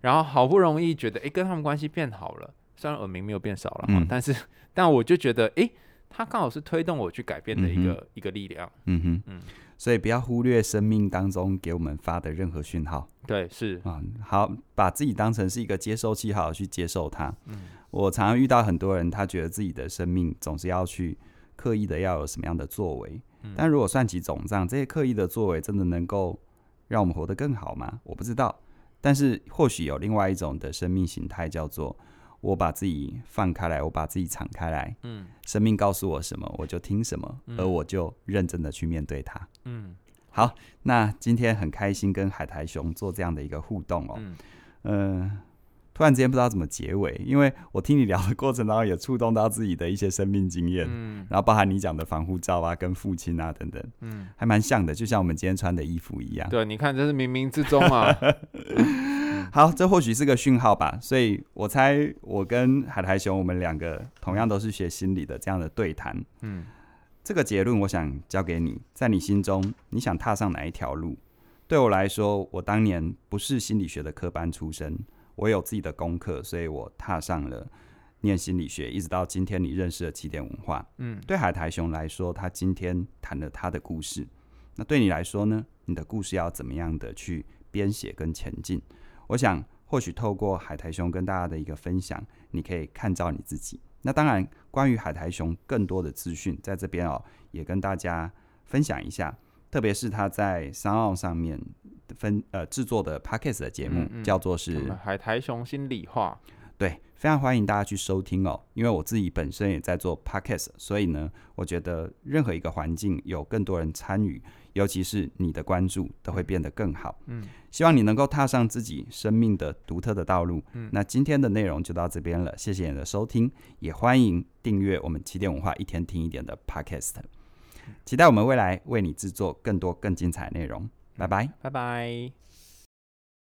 然後好不容易覺得哎、欸，跟他們關係變好了，雖然耳鳴沒有變少了、啊嗯，但是但我就覺得哎。欸它剛好是推動我去改變的一個、嗯、一個力量。嗯哼，所以不要忽略生命當中給我們發的任何訊號。對，是啊。好，把自己當成是一個接收器，好好去接受它。嗯，我常常遇到很多人，他覺得自己的生命總是要去刻意的要有什麼樣的作為。嗯、但如果算起總賬，這些刻意的作為真的能夠讓我們活得更好嗎？我不知道。但是或許有另外一種的生命形態叫做。我把自己放開來，我把自己敞開來，嗯，生命告訴我什麼，我就聽什麼，嗯，而我就認真的去面對它，嗯，好，那今天很開心跟海苔熊做這樣的一個互動哦，嗯，呃，突然之間不知道怎麼結尾，因為我聽你聊的過程當中也觸動到自己的一些生命經驗，嗯，然後包含你講的防護罩啊，跟父親啊等等，嗯，還蠻像的，就像我們今天穿的衣服一樣，對，你看，這是冥冥之中啊。 好，這或許是個訊號吧，所以我猜，我跟海苔熊，我們兩個同樣都是學心理的，這樣的對談，嗯，這個結論我想交給你，在你心中，你想踏上哪一條路？對我來說，我當年不是心理學的科班出身，我有自己的功課，所以我踏上了念心理學，一直到今天，你認識了啟點文化，嗯，對海苔熊來說，他今天談了他的故事，那對你來說呢？你的故事要怎麼樣的去編寫跟前進？我想，或許透過海苔熊跟大家的一個分享，你可以看到你自己。那當然，關於海苔熊更多的資訊，在這邊哦，也跟大家分享一下。特別是他在 SoundOn 上面分呃制作的 Podcast 的節目，嗯，嗯、叫做是《海苔熊心理話》，對，非常歡迎大家去收聽哦。因為我自己本身也在做 Podcast 所以呢，我覺得任何一個環境有更多人參與。尤其是你的關注都會變得更好。嗯，希望你能夠踏上自己生命的獨特的道路。嗯，那今天的內容就到這邊了，謝謝你的收聽，也歡迎訂閱我們啟點文化一天聽一點的 Podcast，期待我們未來為你製作更多更精彩的內容，嗯。拜拜，拜拜。